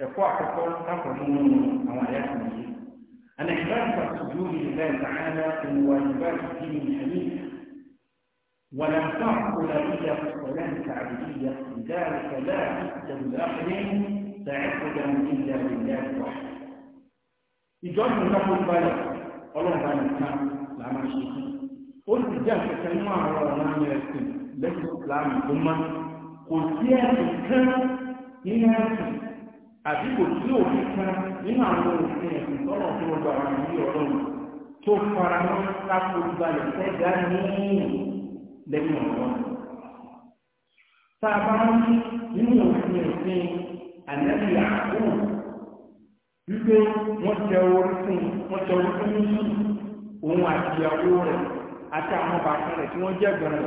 ẹ̀kọ́ àkọ́kọ́ lápọ̀ nínú àwọn àyà kan yìí. أن إثبات السجود لله تعالى من واجبات الدين الحنيف ولم تعقل إلا في الصلاة التعبدية لذلك لا يحسب لأحد تعبدا إلا لله وحده ìjọsìn kápọ̀ báyìí ọlọ́run bá nìkan ṣe kò sí ẹ̀sìn kan nínú ẹ̀sìn àbí kò sí òfin kan nínú àwọn òfin tọ́lọ̀ tó àwọn ìlú ọlọ́run tó fara mọ́ a bá ń nínú òfin wípé wọ́n tẹ orí fún wọ́n tẹ orí fún yíṣù òun àti ìyàwó rẹ̀ àti àwọn bàtà rẹ̀ tí wọ́n jẹ́ gbẹ̀rẹ̀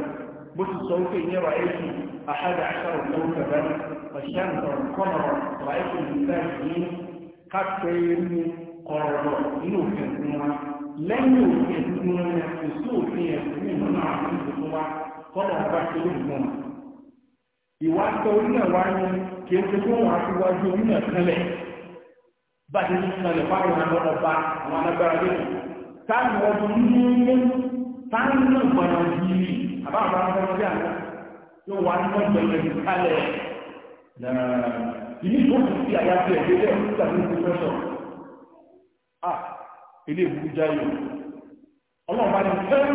bó ti sọ wípé ìyẹ́wà ẹ̀sùn àhádà àṣàrò ndọrọ bẹ̀rẹ̀ ndọrọ kọ́nọ̀rọ̀ ọ̀ráìkò ndọrọ ndọrọ ndọrọ ndọrọ ndọrọ inú òfin wa lẹ́yìn òfin kò sí òfin ẹ̀sùn náà wa bá ti ní sọlẹ̀ fáwọn àwọn ọba àwọn alágbára lẹ́nu táàmì ọdún ní ilé táàmì náà gbọ́dọ̀ yìí àbáwọn ọba ọmọ bí àná tó wà ní wọn gbẹmẹ kálẹ̀ ìní tó kù sí àyàfi ẹgbẹ́ bẹ́ẹ̀ fún tàbí ní pẹsọ a ilé ìwúrú jáyọ Ọlọ́run bá ní fẹẹ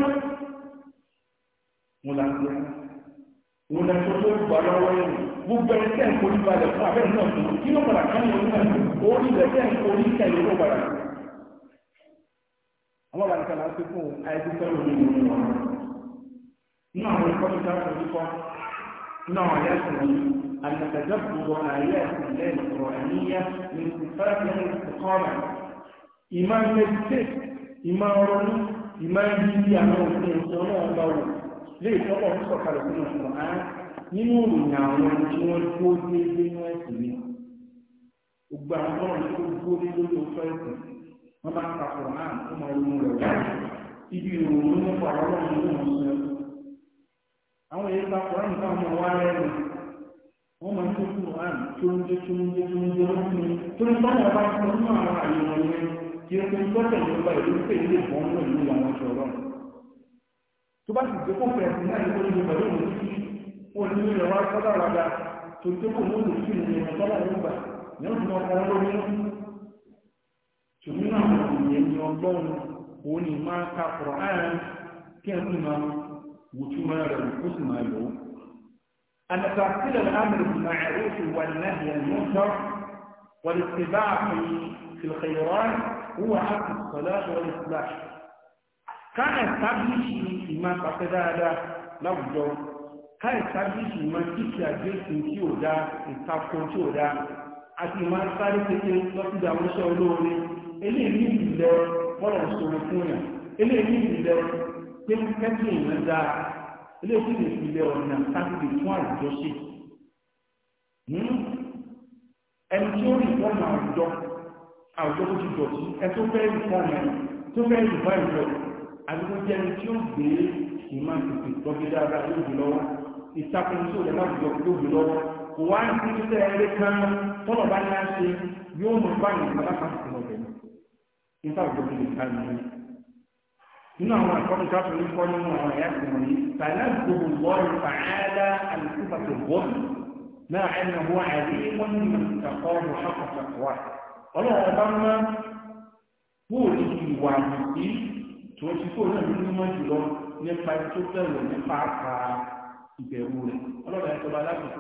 mo là ń gbẹ wọn lè tó tó gbà lọ́wọ́ yẹn gbogbo ẹni tẹ́ ń kórí balẹ̀ fún abẹ́rẹ́ náà tó kí ló padà kánú ọdún náà orí rẹ̀ tẹ́ ń kórí kẹ́lẹ́ ló padà. àwọn bàbá nìkan láti fún àìsí fẹ́ràn òní ìlú wọn. nínú àwọn ẹ̀kọ́ tó dára tó kọ́ nínú àwọn ayé ẹ̀sìn yìí àgbàdàjọ́ gbogbo ayé ẹ̀sìn lẹ́yìn ọ̀rọ̀ ẹ̀níyà ní ìfẹ́ ìmọ̀ ìmọ̀ ọ̀rọ̀ ìmọ̀ ìdí àwọn òfin ìṣọ̀rọ̀ ọ̀gbà wò lè tọ́pọ̀ ń sọ̀kalẹ̀ nínú ọ̀sán á nínú ìrìn àwọn tí wọ́n dúró dé nínú ẹ̀sìn ni gbogbo àwọn ọ̀rọ̀ tó dúró dé lórí ọ̀sán ẹ̀sìn wọ́n bá ń ka náà tó máa ń rẹ̀ wá ibi ìròyìn ló ń pa ọ̀rọ̀ nínú ọ̀sán ẹ̀sìn àwọn èyí ta ọ̀rọ̀ nǹkan ọmọ wa rẹ̀ nù wọ́n máa ń tó kú ọ̀rọ̀ tóúnjẹ tóúnjẹ tóúnjẹ lọ́kùnrin tó ń bá wọn bá fún ọ nínú àwọn àyè wọn yẹn kí o tó bá sì dẹ́kọ̀ fẹ̀sì náà ní oúnjẹ pẹ̀lú òun sí wọn ní ilẹ̀ wa sábà rárá tó dẹ́kọ̀ mú òun sí ìrìn ìrìn sábà ní ìgbà ní ọdún ọkọ̀ lórí ṣùgbọ́n àwọn ènìyàn ní ọgbọ́n òun ni máa ka kọ̀rọ̀ ààrẹ kí ẹ̀ fún máa wùtú máa rẹ̀ ó sì máa lò ó. التعطيل الأمر بالمعروف والنهي عن المنكر والاتباع في الخيرات هو عقد الصلاح والإصلاح ká ẹ̀sábíṣì ìmọ̀ pàṣẹ dáadáa láwùjọ ká ẹ̀sábíṣì ìmọ̀ títí àgbéṣì tí ò dá ìtakò tí ò dá àti ìmọ̀ sáré tètè lọ́sídìí àwọn iṣẹ́ olóore eléyìí ní ìlẹ̀ bọ́lọ̀ fún yàn eléyìí ní ìlẹ̀ ìmọ̀ eléyìí ní ìlẹ̀ ọ̀nà àdúgbòjẹ ẹni tí ó gbé ìmọ̀ tètè tọ́jú dáadáa yóò gbé lọ́wọ́ ìtakùnso lè má jọ yóò gbé lọ́wọ́ kò wá ní kí sẹ́ ẹrẹ kan tọ́lọ̀ bá ní láṣẹ yóò mú báyìí nígbà kan tó lọ bẹ̀rẹ̀ nígbà tó lè ká nìyẹn. nínú àwọn àkọ́ni tó tó ní kọ́ nínú àwọn ẹ̀yà tó wọ̀nyí tàlẹ́ gbogbo bọ́ọ̀lù fàáyà àlùkùbàtò bọ́ọ̀lù náà ẹnu wọn àrí wọn ní ìtàkọ́ ọ̀rọ̀ ṣàkọ̀ṣàkọ̀ wa ọlọ́run ọba máa wọ́ọ̀lù ìwà yìí tí wọ́n ti kó náà ló ní wọ́n jùlọ nípa tó bẹ̀rù nípa àpá ìbẹ̀rù rẹ̀ ọlọ́run ẹ̀tọ́ bá lábẹ̀.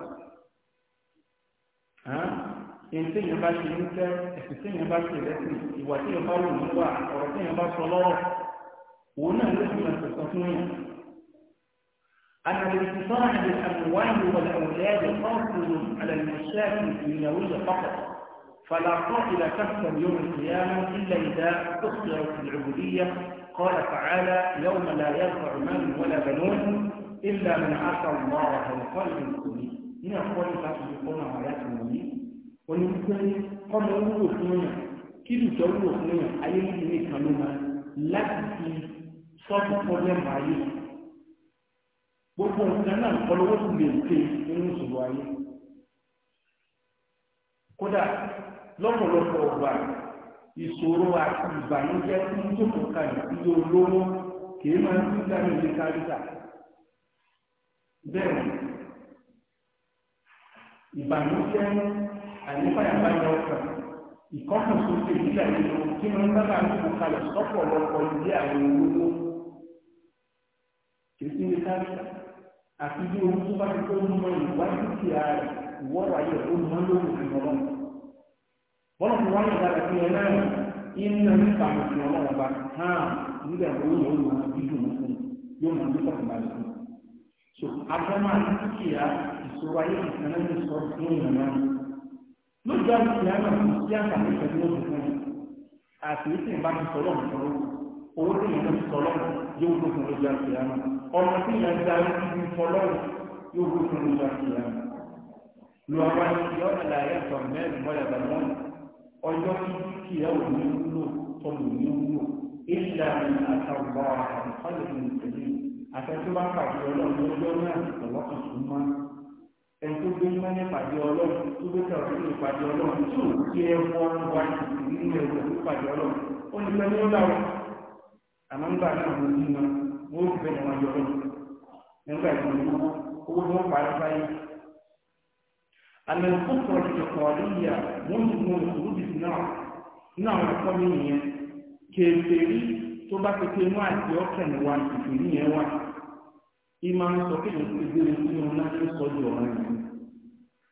ẹ̀ǹtẹ́ yẹn bá ṣe ń tẹ́ ẹ̀sìtẹ́ yẹn bá ṣe lẹ́sìn ìwà tí yẹn bá wù nípa ọ̀rọ̀ tí yẹn bá sọ lọ́rọ̀ òun náà ló fi ẹ̀sẹ̀ sọ fún yẹn. àtàlẹ́sìtọ́ àti àmúwáyé wọlé ọ̀rẹ́ فلا قابل كفا يوم القيامة إلا إذا أخذت العبودية قال تعالى يوم لا ينفع مال ولا بنون إلا من عصى الله وقال من بالكلي من قال فاتح يقولنا آيات المؤمنين ويقول قال الله أخلنا كيف تقول أخلنا أيام إني كانوما لكي صدق قولنا بعيد بقول كنا قال الله أخلنا كيف إنه سبعين قدر lọ́pọ̀lọpọ̀ ọgbà ìṣòro àti ìbànújẹ́ fún jókòó kan ìdílé olówó kì í máa ń tún dání ilé káríta bẹ́ẹ̀ ìbànújẹ́ àyípadàbáyọ ọkàn ìkọ́kànsókè nígbà yìí kí wọ́n bá bá ń kó kalẹ̀ sọ́pọ̀lọpọ̀ ilé àwọn olówó kì í sí ilé káríta àti bí ohun tó bá ti tó ń mọ ìwádìí kí a ìwọ́ra yẹ ó mọ lórí ìmọ̀lọ́mọ́ bọ́lá fún wọn nígbà tó yẹ náà iná nípa àmọ̀tún ọlọ́run ọba hàn nígbà tó yẹ olùwà dídù mú fún yóò mú nípa tó bá lè fún. so abẹ́mọ̀ àti dúkìá ìṣòro ayé ìsìn náà ní sọ fún ìyàn náà lójú àwọn ìyá náà kò sí àǹfààní pẹ̀lú òkú fún un àti ìsìn bá ti sọ lọ́wọ́ sọ́rọ́ owó tó fún ti sọ lọ́wọ́ yóò tó lójú àti ìyá ọjọ́ títí kí ẹ ò ní wúlò tó ní wúlò ìlànà àtàwọn àtàkọ́lẹ̀ ní ìtẹ̀lé àtẹ̀tí bá pàdé ọlọ́run lọ́jọ́ náà lọ́wọ́ kan tó máa ẹni tó gbé mọ́ ní pàdé ọlọ́run tó gbé ní pàdé ọlọ́run kí ẹ wá nínú ẹ̀rọ ní pàdé ọlọ́run ó ní ó náà fẹ́ أن القدرة الاعتقادية منذ من خروج النار نعم القومية kèfèrí tó bá ti pé mú àti ọkàn wa ìfèrí yẹn wà ìmọ̀ ń sọ pé ìlú ìgbèrè tí wọn náà ń sọ ju ọ̀ràn yìí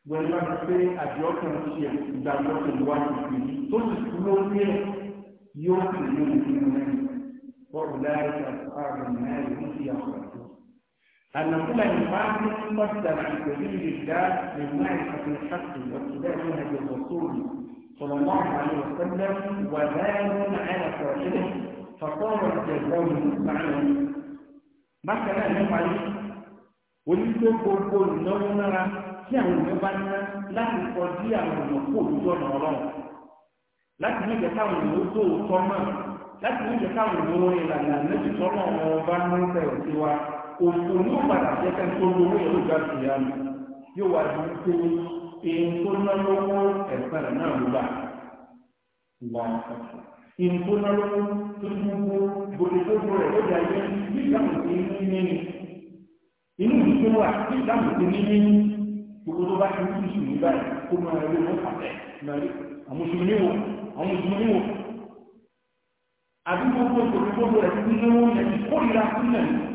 gbẹ̀rù bá ti pé àti ọkàn ti ẹ̀ ìgbà ọkàn wa ìfèrí tó sì kú lórí ẹ̀ أن كل إنسان قصد عن سبيل الله من معرفة الحق واتباع منهج الرسول صلى الله عليه وسلم وبال على صاحبه فصار الجزاء معنى مثلا nípa yìí onígbò gbogbo ìnáwó nára tí àwọn ènìyàn bá ná láti kọjú àwọn ènìyàn kó òjò ọ̀nà ọlọ́run láti ní ìjẹ́ káwọn ènìyàn tó tọ́ náà láti ní ìjẹ́ káwọn ènìyàn ìlànà méjì tọ́lọ́ ọ̀rọ̀ bá ń bẹ̀rẹ̀ sí wa. òṣù ní padà jẹ́kẹ́ tó lówó ìlú gbàgbé ìyá mi yóò wá di pé èyí tó ná lówó ẹ̀sán rẹ̀ náà ló bá wà èyí tó ná lówó tó gbogbo gbòdògbòdò rẹ̀ ló dà bí ìdáhùn sí ní nínú inú wà bí ìdáhùn sí ní gbogbo tó bá ti ń sùn kó máa wo àwọn wo àdúgbò gbogbo gbogbo rẹ̀ ti ń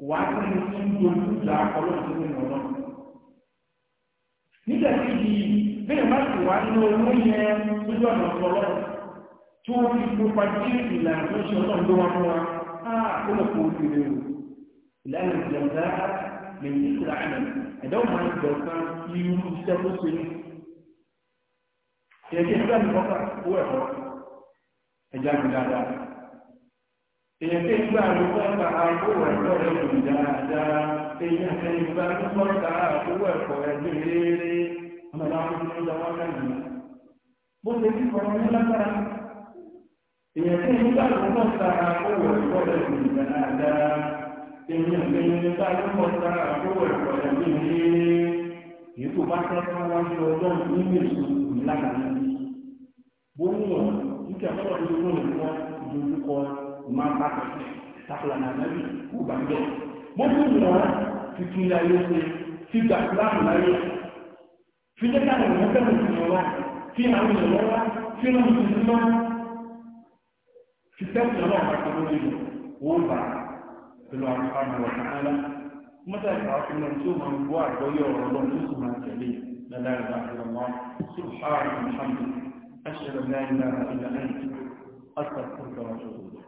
wà á tún ní kí n dojú ìjà ọlọ́run tó nínú ọlọ́run. nígbà tí yìí bẹ́ẹ̀ má sì wá ní owó yẹn lójú ọ̀nà ọlọ́run tó fi pupa tí ìlànà tó ṣe ọlọ́run ló wá fún wa á ó lọ kó ojú rẹ̀ o. ìlànà ìjọba lè ní ìlà àná ẹ̀dá ò máa ń dọ̀kan irú iṣẹ́ tó ṣe ní. ìrẹsì ìgbà mi kọ́kà owó ẹ̀kọ́ ẹ̀já mi èèyàn tẹ́ gbà ló sábà àkówó ẹ̀kọ́ rẹ̀ lò dáadáa èèyàn tẹ́ gbà ló sábà àkówó ẹ̀kọ́ rẹ̀ lò rere ọmọ ìlànà tó ń lọ́wọ́ lẹ́yìn bó ṣe ti kọ́ ní lágbára èèyàn máa ń bá takùlànà lẹ́yìn kú bàjẹ́ gbogbo wọn tuntun láyé ṣe ti gbà láàmú láyé fi jẹ́ káwọn èèyàn fẹ́ràn ìṣẹ̀lẹ̀ wa fi àwọn èèyàn wá fi ràn ìṣẹ̀lẹ̀ wa fi tẹ́sán náà bá tó lórí wọn bá pẹ̀lú àwọn ọmọ ọ̀sán alá mọ́tà ìgbà ọkùnrin tí ó máa ń gbọ́ àgbọ́yé ọ̀rọ̀ lọ́n tó sì máa tẹ̀lé lọ́dá ìgbà àgbàmọ́ سبحانك الحمد أشهد أن لا إله إلا أنت أستغفرك وأتوب إليك